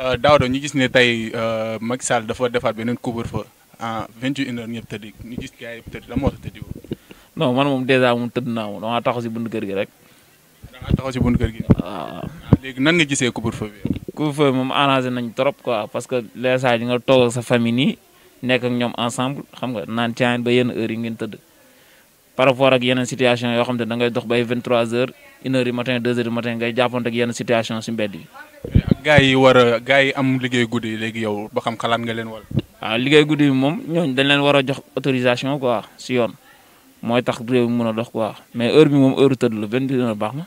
Euh, do ñu gis ne tey euh, Macky Sall dafa defaat beneen couvre-feu en vingt et une heures ñëpp tëddi ñu gis gars yi tëddi la moo tax tëddi non man moom dèjà moom tëdd kër gi rek. damaa taxaw si kër gi. waaw ah. ah, léegi nan nga gisee couvre-feu bi. moom arrangé nañ trop quoi parce que les saa yi nga toog ak sa famille nii nekk ak ñoom ensemble xam nga naan ba yenn heures yi ngeen tëdd. par rapport ak yeneen situation yoo xam ne da ngay dox bay 23h 1 matin matin ngay jàppante ak yenn situation si mbedd yi. gars yi war a gars yi am liggéey guddi léegi yow ba xam xalaat nga leen wala. Ah, liggéey guddi bi moom ñooñu dañ leen war a jox autorisation quoi si yoon mooy tax réew mi mën a dox quoi mais heure bi moom heure tëdd la benn heure baax na.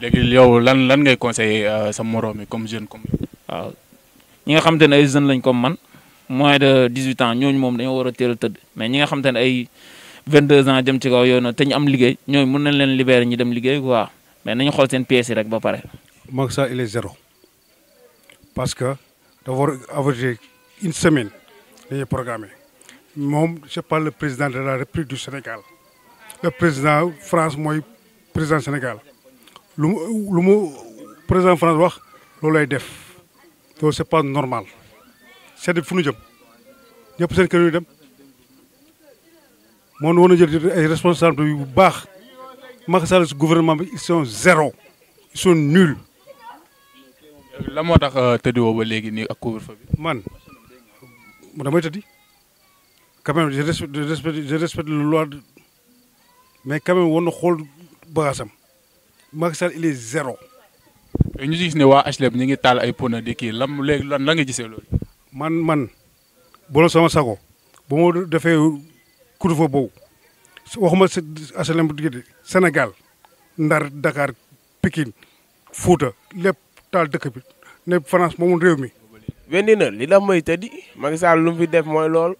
léegi yow lan lan ngay conseiller euh, sa moroom yi comme jeune comme yow. waaw ah, ñi nga xamante ne ay jeunes lañ comme man moins de 18 ans ñooñu moom dañoo war a a tëdd mais ñi nga xam xamante ne ay 22 ans jëm ci kaw yoon te ñu am liggéey ñooñu mën nañ leen libérer ñu dem liggéey quoi mais nañu xool seen yi rek ba pare. Macky Sall il est parce que dafa war a une semaine dañuy programmé moom c'est pas le président de la République du Sénégal le président France mooy président Sénégal lu mu lu mu président France wax loolu lay def loolu c'est pas normal sedd bi funu jëm ñëpp seen kër yu dem moo woon a jël ay responsable yu bu baax Macky Sall si gouvernement bi ils sont zéro ils sont nuls la moo tax euh, tëddiwoo ba léegi nii ak couvre-feu bi. man damay tëddi quand même je respecte je respecte le loi mais quand même war xool bagaasam Macky Sall il est zéro. ñu gis ne waa HLM e ñu ngi taal ay pneu di kii lam léegi lan la nga gisee loolu. man man boole sama sago ba ma defee couvre-feu boobu waxuma HLM e bu diggante Sénégal Ndar Dakar Pikine Fouta lépp taal dëkk bi ne France moomul réew mi. wendi na li la may tëddi Macky Sall lu mu fi def mooy lool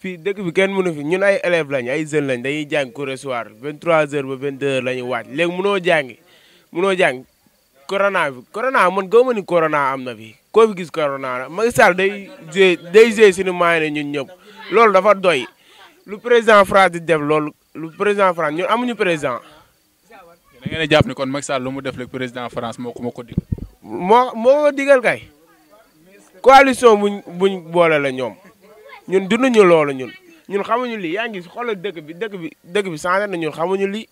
fii dëkk bi kenn mënu fi ñun ay élève lañ ay jeunes lañ dañuy jàng cours soir 23h ba 22h la ñuy wàcc léegi mënoo jàngi mënoo jàng corona bi corona man gëw ma ni corona am na fi koo fi gis corona la Macky Sall day jé day jé suñu ñun ñëpp loolu dafa doy lu président France di def loolu lu président France ñun amuñu président. da ngeen a jàpp ni kon Macky Sall lu mu def rek président France moo ko ko dig. moo moo ma digal kay coalition buñ buñ boole la ñoom ñun dunduñu lool ñun ñun xamuñu lii yaa ngi xoolal dëkk bi dëkk bi dëkk bi changé na ñun xamuñu lii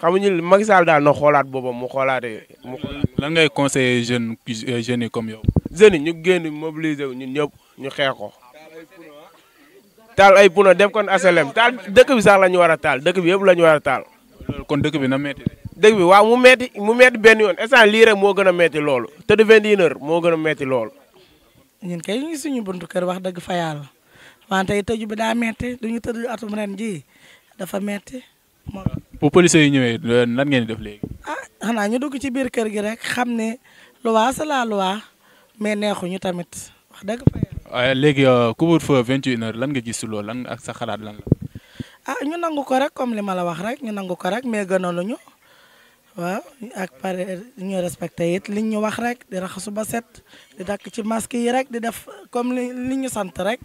xamuñu li Macky Sall daal na xoolaat boobam mu xoolaatee mu. lan ngay conseiller jeunes jeunes yi comme yow. jeunes yi ñu génn mobiliser wu ñun ñëpp ñu xeex ko taal ay puna def kon asalem taal dëkk bi sax la ñu war a taal dëkk bi yëpp la ñu war a taal. kon dëkk bi na metti dëgg bi waaw mu metti mu metti benn yoon instant lii rek moo gën a metti loolu te vingt et moo gën a metti loolu. ñun kay ñu ngi suñu buntu kër wax dëgg fa yàlla wante tëju bi daa metti lu ñu tëdd atum ren ji dafa metti bu police yi ñëwee nan ngeen def léegi. ah xanaa ñu dugg ci biir kër gi rek xam ne luwaa mais neexuñu tamit wax dëgg fa ah, léegi euh, couvre vingt et lan nga gis loolu lan ak sa xalaat lan la. ah ñu nangu ko rek comme li ma la wax rek ñu nangu ko rek mais ñu waaw ak pare ñu respecté yit liñ ñu wax rek di raxasu ba set di dakk ci masque yi rek di def comme li li ñu sant rek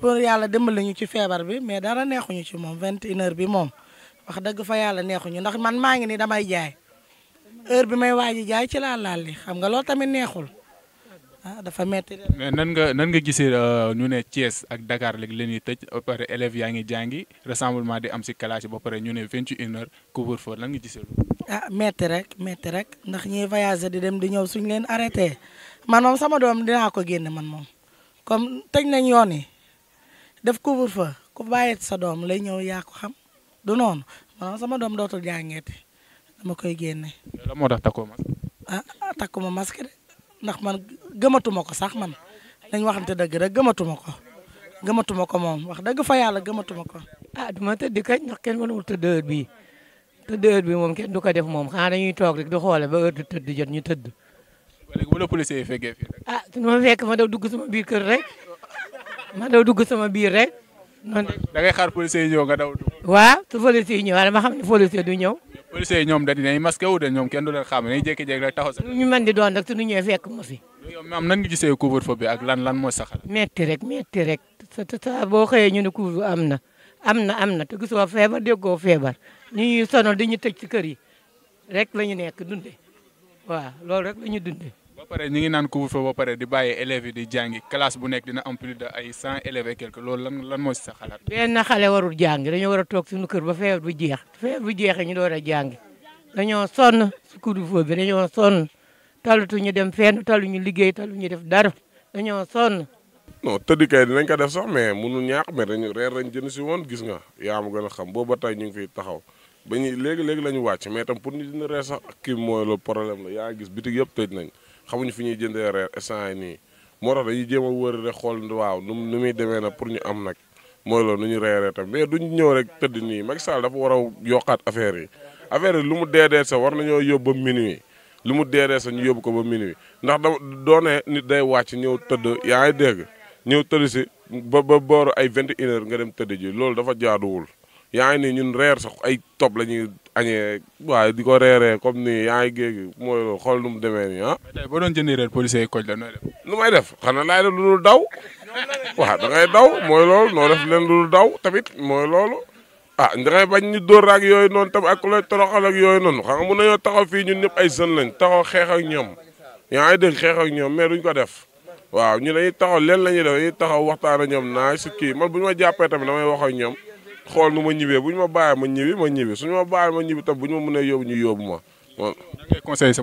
pour yàlla dimbali ñu ci feebar bi mais dara neexuñu ci moom 21 heures bi moom wax dëgg fa yàlla neexuñu ndax man maa ngi ni damay jaay heure bi may waaji jaay ci laa laal li xam nga loolu tamit neexul ah dafa metti mais nan nga nan nga gisee euh, ñu ne Thiès ak Dakar léegi la ñuy tëj ba pare élèves yaa ngi jàngi rassemblement di am si classe ba pare ñu ne vingt et une heures couvre-feu lan nga gisee loolu. ah metti rek metti rek ndax ñuy voyager di dem di ñëw suñ leen arrêté man moom sama doom dinaa ko génne man moom comme tëj nañ yoon yi def couvre fa ku bàyyi sa doom lay ñëw yaa ko xam du noonu man sama doom dootul jàngeeti dama koy génne. moo tax takkoo masque. ah, ah takkuma masque de. ndax man gëmatuma ko sax man dañ waxante dëgg rek gëmatuma ko gëmatuma ko moom wax dëgg fa yàlla gëmatuma ko. ah du ma tëdd kañ ndax kenn mënul tëdd heure bii tëdd heure bii moom kenn du ko def moom xanaa dañuy toog rek di xoole ba heure du tëdd jot ñu tëdd. léegi bu la policier yi ah su ma fekk ma daw dugg sama biir kër rek ma da dugg sama biir rek. noonu da ngay xaar policiers yi ñëw nga daw. waaw yi ñëw wala ma xam ne policier du ñëw. policiers yi ñoom da dinañ masqué wu de ñoom kenn du leen xam dañuy jékki-jékki rek taxaw sa. ñu mën di doon rek su ñu ñëwee fekk ma fi. yow maam nan nga gisee bi ak lan lan mooy saxal. metti rek metti rek sa sa boo xëyee ñu ne couvre am na am na am na te gisoo feebar goo feebar ñu ñuy di ñu tëj ci kër yi rek la ñu nekk dunde waa loolu rek la ñu dundee ba pare ñu ngi naan couvre-feu ba pare di bàyyi élèves yi di jàngi classe bu nekk dina am plus de ay cent élèves et loolu lan lan mooy sa xalaat. benn xale warul jàngi dañoo war a toog suñu kër ba feebar bu jeex feebar bu jeexee ñu door a jàngi dañoo sonn si couvre-feu bi dañoo sonn talutu ñu dem fenn talu ñu liggéey talu ñu def dara dañoo sonn. non tëdd kay dinañ ko def sax mais mënu ñaax mais dañu reer dañ jënd si woon gis nga yaa gën a xam boobu ba ñu ngi fiy taxaw. ba ñu léegi la ñu wàcc mais tam pour ñu dina reer sax kii mooy yëpp nañ xamuñu fi ñuy jëndee reer instant nii moo tax dañuy jéem a wër rek xool waaw nu nu muy demee nag pour ñu am nag mooy loolu nu ñu reeree tam mais duñ ñëw rek tëdd nii Macky Sall dafa war a yokkaat affaire yi affaire yi lu mu deedee sa war nañoo yóbbu ba minuit lu mu deedee sa ñu yóbbu ko ba minuit ndax da doone nit day wàcc ñëw tëdd yaa ngi dégg ñëw tëdd si ba ba booru ay vingt et nga dem tëdd ji loolu dafa jaaduwul yaa ngi nii ñun reer sax ay topp la ñuy añee waaye di ko reeree comme nii yaa ngi géegi mooy loolu xool nu mu demee nii ah. tey boo doon jëndi la nooy def. nu may def xanaa laa def lu dul daw waaw da ngay daw mooy loolu noo def leen lu daw tamit mooy loolu. ah da ngay bañ ñu dóor ak yooyu noonu tam ak ku lay toroxal ak yooyu noonu xam nga mun nañoo taxaw fii ñun ñëpp ay jeunes lañ taxaw xeex ak ñoom yaa ngi dégg xeex ak ñoom mais duñ ko def waaw ñu dañuy taxaw len la ñuy def dañuy taxaw waxtaan ak ñoom naaj si kii man bu ñu ma jàppee tamit damay wax ak ñoom xool nu ma ñibbee bu ñu ma bàyyi ma ñibbi ma ñibbi suñu ma bàyyi ma ñibbi tam bu ñu ma a yóbbu ñu yóbbu ma. da ngay conseillé sa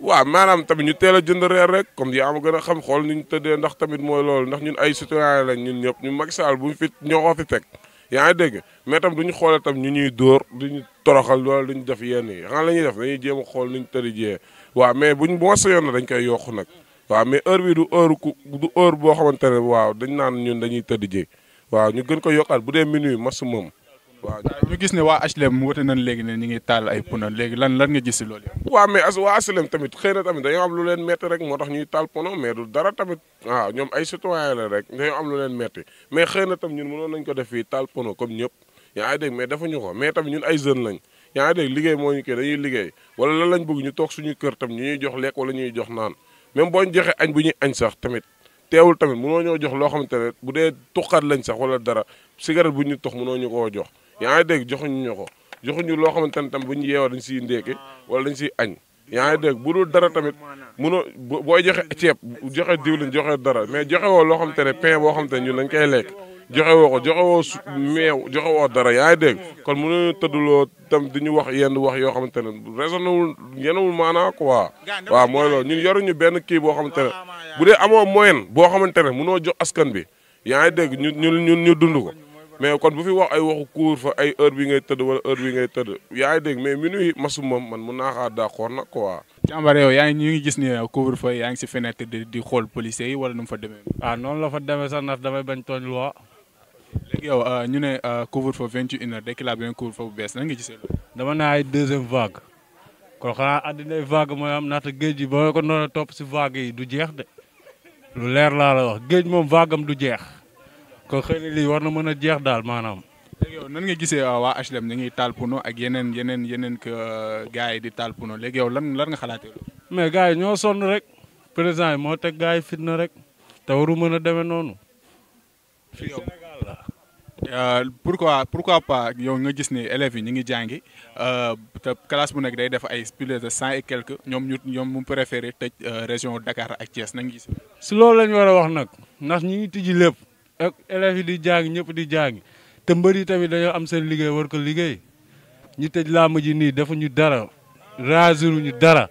waaw maanaam tamit ñu a jënd reer rek comme yaa ma gën a xam xool ni ñu tëddee ndax tamit loolu ndax ñun ay citoyen lañ ñun ñëpp ñu Macky Sall bu fi ñoo fi fekk yaa ngi dégg mais tam duñu xoolee tam ñu ñuy dóor duñu toroxal loolu duñu def yenn yi xam la ñuy def dañuy jéem a xool nuñ tëri jiyee waaw mais buñ bu ma sayoon na dañ koy yokk nag waaw mais heure bi du heure ku du heure boo xamante ne waaw dañ naan ñun dañuy tëddi jee waaw ñu gën ko yokkaat bu dee minuit match moom waaw gis ne waa HLM woote nañ léegi ne ñu ngi taal ay pono léegi lan lan nga gis si loolu yëpp. waaw mais waa HLM tamit xëy na tamit dañoo am lu leen metti rek moo tax ñuy taal pono mais du dara tamit ay citoyen la rek am lu leen metti mais xëy na tam ñun mënoon nañ ko def fii taal pono comme ñëpp yaa ngi dégg mais defuñu ko mais tamit ñun ay jeunes lañ yaa ngi dégg liggéey moo ñu kii dañuy liggéey wala lan lañ bëgg ñu toog suñu kër ñu ñuy jox lekk wala ñuy jox naan même boo ñu joxee añ bu ñuy añ sax tamit teewul tamit munoo ñoo jox loo xamante ne bu dee tuqaat lañ sax wala dara cigarette bu ñu tox munoo ñu koo jox yaa ngi dégg joxuñu ñu ko joxuñu loo xamante ne tam bu ñu yeewoo dañ siy ndékki wala dañ siy añ yaa ngi dara tamit munoo booy joxe ceeb joxe diwlin joxe dara mais joxe woo loo xamante ne pain boo xamante ne ñun dañ koy lekk joxe woo ko joxe woo meew joxe woo dara yaa ngi dégg kon mënuñu tëdduloo tam di ñu wax yenn wax yoo xamante ne raisonnable yenewul maanaa quoi waaw mooy loolu ñun yoruñu benn kii boo xamante ne bu dee amoo moyen boo xamante ne mënoo jox askan bi yaa ngi dégg ñu ñu ñu ñu dund ko mais kon bu fi wax ay waxu couvre fa ay heure bi ngay tëdd wala heure bi ngay tëdd yaa ngi mais mais minuit masu moom man mun naa xaar d'accord nag quoi. càmbar yow yaa ngi ñu ngi gis ni couvre fa yaa ngi si fenêtre di xool policiers wala nu fa demee. ah noonu la fa demee sax ndax damay bañ tooñ loi. yow euh, ñu ne euh, couvre fa vingt et une heures dekk laa beneen fa bu bees nan nga gisee loolu. dama ne ay deuxième vague. kon xanaa addinay vague mooy am naata géej gi boo ko noonu topp si vague yi du jeex de. lu leer laa la wax géej moom vaagam du jeex ko xëy na lii war na mën a jeex daal maanaam. léegi yow nan nga gisee euh, waa HLM ñu ngi taal pono ak yeneen yeneen yeneen euh, gars yi di taal pono léegi yow lan lan nga xalaatee loolu. mais gars yi ñoo sonn rek président yi moo teg gars yi fitna rek te waru mën a demee noonu. fii Euh, pourquoi pourquoi pas yow nga gis ne élèves yi ñu ngi jàngi euh, te classe bu nekk day def ay plus de cent et quelques ñoom ñu ñoom mu préféré tëj euh, région Dakar ak Thiès na gis. si loolu lañu war a wax nag ndax ñu ngi tijji lépp ak élèves yi di jàng ñëpp di jàng te mbër yi tamit dañoo am seen liggéey war ko liggéey ñu tëj làmb ji nii defuñu dara raasiruñu dara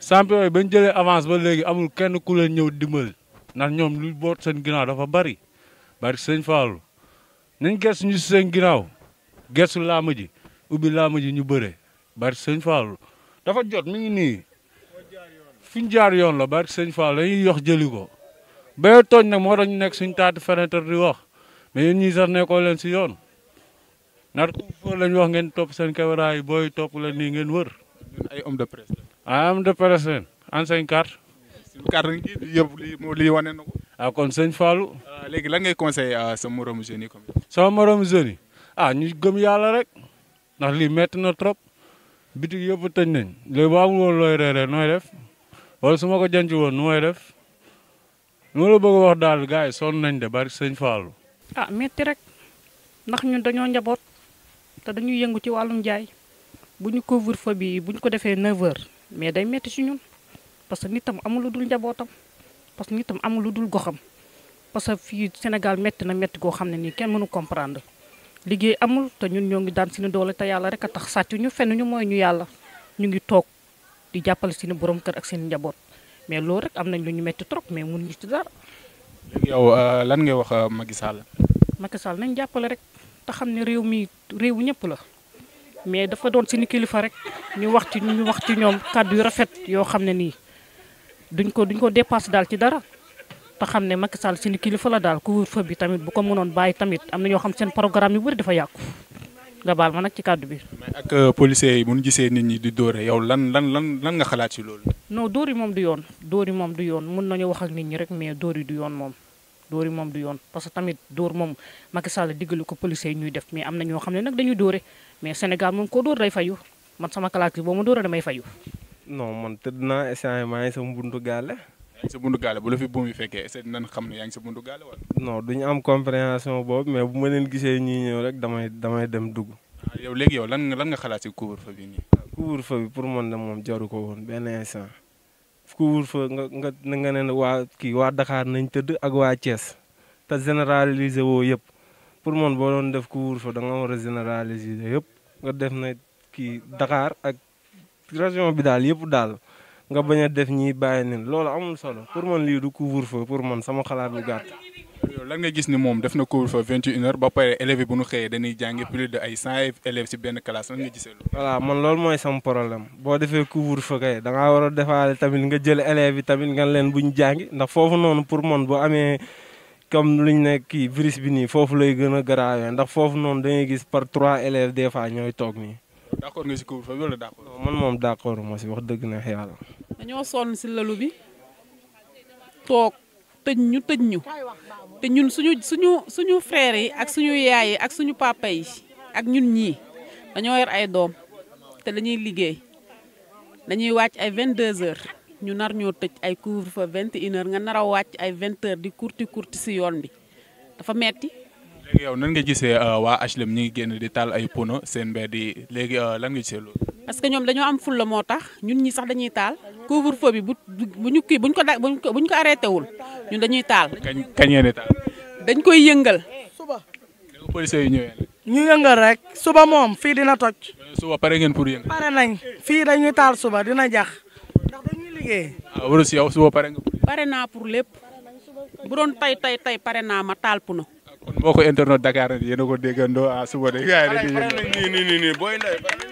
champion yi bañ jëlee avance ba léegi amul kenn ku leen ñëw dimbali ndax ñoom lu boot seen ginnaaw dafa bari bari sëñ Fallou. nañ gëstu ñu seen ginnaaw gëstu làmb ji ubbi làmb ji ñu bëre bari sëñ Fall dafa jot mu ngi nii fi ñu jaar yoon la bari sëñ la dañuy yox jëli ko ba tooñ nag moo tax nekk suñ taati fenêtre di wax mais yéen ñii sax nekkoo leen si yoon nar ko lañ wax ngeen topp seen caméra yi booy topp leen nii ngeen wër. ay homme de presse de presse en cinq carte. suñu carte lii wane na ko. ah kon sëñ Fallou. Euh, léegi lan ngay conseillé sa moromu jeunes yi comme. sama moromu jeunes yi ah ñu gëm yàlla rek ndax lii metti na trop bitig yëpp tëj nañ léegi boo amul woon looy reeree nooy def wala su ma ko jënd woon nu may def lu ma la bëgg wax daal gars yi nañ de bari sëñ Fallou. ah métti rek ndax ñun dañoo njaboot te dañuy yëngu ci wàllum jaay bu ñu ko feu bi bu ñu ko defee 9h mais day métti si ñun parce que nit tam amul lu dul njabootam. parce que nit tam amul lu dul goxam parce que fii Sénégal métti na métti goo xam ne nii kenn mënu comprendre liggéey amul te ñun ñoo ngi daan suñu doole te yàlla rek a tax sàcc ñu fen ñu mooy ñu yàlla ñu ngi toog di jàppale suñu borom kër ak seen njaboot mais loolu rek am nañ lu ñu métti trop mais mënuñu ci dara. léegi yow euh, lan ngay wax euh, Macky Sall. Macky Sall nañ jàppale rek te xam ne réew mi réewu ñëpp la mais dafa doon suñu kilifa rek ñu wax ci ñu wax ci ñoom kàddu yoo xam ne nii. duñ ko duñ ko dépassé daal ci dara te xam ne Macky Sall suñu kilifa la daal couvre bi tamit bu ko mënoon bàyyi tamit am na ñoo xam seen programme yu bëri dafa yàqu nga baal ma nag ci kàddu bi. mais ak euh, yi bu ñu gisee nit ñi di dóore yow lan lan lan lan nga xalaat ci loolu. non dóor yi moom du yoon yi moom du yoon mun nañu wax ak nit ñi rek mais dóor yi du yoon moom. dóor moom du yoon parce que tamit dóor moom Macky Sall diggalu ko policiers yi ñuy def mais am na ñoo xam ne nag dañuy dóore mais Sénégal moom koo dóor day fayu man sama kalaat bi boo ma dóoree damay fayu. non man tëdd naa échange maa ngi sa mbundu gaale. gaale bu la fi buum yi fekkee est-ce xam ne yaa ngi sa bundu gaale wala. non duñu am compréhension boobu mais bu ma leen gisee ñuy ñëw rek damay damay dem dugg. Ah, yow léegi yow lan nga lan nga xalaat si couvre-feu bi nii. Ah, couvre-feu bi pour man de moom jaru ko woon benn instant couvre-feu nga nga nga ne waa kii waa Dakar nañ tëdd ak waa Thiès te généraliser woo yëpp pour man boo doon def couvre-feu da nga war a généraliser yëpp nga def na kii Dakar ak. région bi daal yëpp daal nga bañ a def ñiy bàyyi nen loolu amul solo pour man lii du couvre-feu pour man sama xalaat bu gàtt. lan nga gis ni moom def na couvre-feu vingt et ba pare élèves bu nu xëyee dañuy jàngi plus de ay cent élèves si benn classe lan voilà man loolu mooy sama problème boo defee couvre-feu kay da ngaa war a defaale tamit nga jël élèves bi tamit nga leen bu ñu jàngi ndax foofu noonu pour man boo amee comme luñ ne kii virus bi nii foofu lay gën a garaawee ndax foofu noonu dañuy gis par trois élèves des fois ñooy toog nii. d'accord nga si couvre-feu bi wala d'accord. man moom d'accord ma si wax dëgg neex yàlla. dañoo sonn si lalu bi toog tëj ñu tëj ñu te ñun suñu suñu suñu frères yi ak suñu yaay yi ak suñu papa yi ak ñun ñii dañoo yor ay doom te dañuy liggéey dañuy wàcc ay 22 heures ñu nar ñoo tëj ay couvre-feu 21 heures nga nar wàcc ay 20 di kurti kurti si yoon bi dafa metti léegi yow nan nga gisee euh, waa HLM ñi ngi génn di taal ay pono seen mbedd yi léegi euh, lan nga gisee loolu. parce que ñoom dañoo am fulla moo tax ñun ñi sax dañuy taal couvre-feu bi bu bu ñu kii bu ñu ko da bu ñu ko arrêté wul ñun dañuy taal. kañ kañ ngeen taal. dañ koy yëngal. suba. policiers yi ñu yëngal rek suba moom fii dina toj. suba pare ngeen pour yëngal. pare nañ fii dañuy taal suba dina jax ndax dañuy liggéey. Ah, si yow suba pare nga. pare naa pour lépp bu doon tay tay pare naa ma taal puno. boo mbokku internet Dakar yéen a ko déggandoo ah suba de. gars yi nii nii nii booy